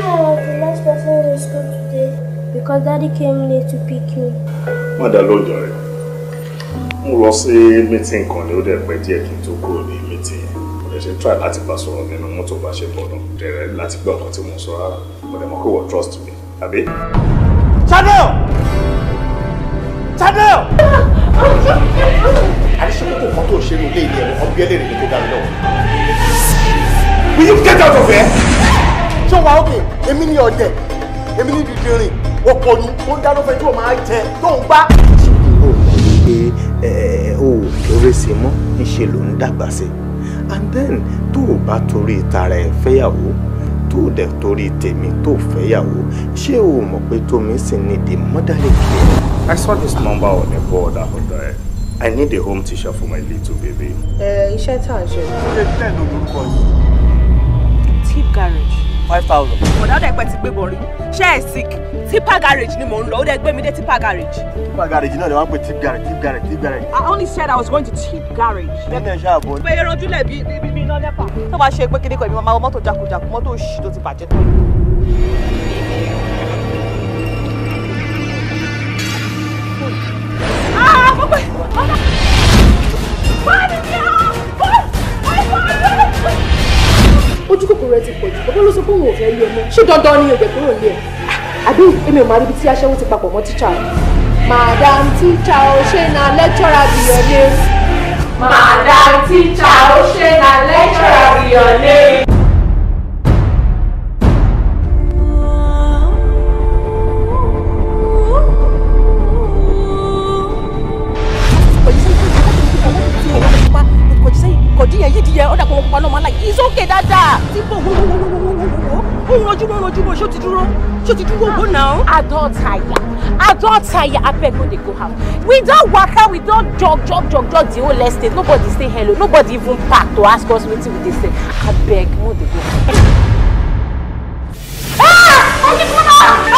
I was the last person in school today because daddy came late to pick you. Wọ́n dá lóòjọ́ rẹ̀. Mo lọ sí mítìn kan ní ó dẹ̀ pẹ́ díẹ̀ kí n tó kúrò ní mítìn Mo lè ṣe try láti bá sọ̀rọ̀ nínú mọ́tò bá ṣe bọ̀ náà. Dẹ̀rẹ̀ láti gbọ́ ọ̀kan tí mo sọ rárá. Mo dẹ̀ mọ̀ pé wọ́n trust me, àbí? Chadel! Chadel! Àdìsọ́kò kò kọ́ tó ṣe ní ilé ìdí ẹ̀rọ ọ̀bí ẹlẹ́rìí ni kò dá náà. Will you get out of here? ṣé wàá òkè èmi ni ọ̀dẹ̀ èmi ni dìdìrín òpònú ó ń dáná fẹ́ tí o máa jẹ tó ń gbá. o mọ̀ wípé o ò kéré mọ́ níṣẹ́ ló ń dàgbà sí and then tó o bá torí tara ẹ̀ fẹ́yàwó tó o dẹ̀ torí tèmi tó fẹ́yàwó ṣé o mọ̀ pé tómi sì ní the motherly care. I saw this number on a board àhọ̀dọ̀ ẹ̀. I need a home teacher for my little baby. Ẹ iṣẹ́ tá a ṣe. Ṣé tẹ̀ lórúkọ yìí? Tip garage five thousand. bọ̀dá ọ̀dà ẹ̀pẹ̀ ti gbé bọ̀ rí ṣé ẹ̀ sick tipa garage ni mò ń lọ ó dẹ̀ gbé mi dé tipa garage. tipa garage náà ni wọ́n ń pè tip garage tip garage tip garage. I only said I was going to tip garage. tẹ́tẹ̀ ṣáà bọ̀. pé eré ojúlẹ̀ bíi bíi iná lẹ́pà. tó bá ṣe pé kíní kan èmi máa wọ mọ́tò jákujàku mọ́tò òṣì tó ti bàjẹ́ tó. rẹ ti pọ̀ jù bọ́bọ́ ló sọ pé òun ò fẹ́ ṣé dandan ni òjò kúrò ní ẹ̀ ah, àbí èmi ò máa ríbi tí aṣẹ́wó ti papọ̀ mọ́ tíṣà. madam tíṣà ò ṣe na lẹ́tọ́ra bìyànjú. madam tíṣà ò ṣe na lẹ́tọ́ra bìyànjú. kò díyẹn yí díyẹn ó dà pọ̀ náà máa ń it's okay dáadáa. tí mo wo wo wo wo wo wo wo mo ń ṣó ti dúró ṣó ti dúró go now. adult aya adult aya abeg no dey go house we don waka we don jog jog jog jog the whole estate nobody say hello nobody even park to ask us wetin we dey say abeg no dey go house. ah!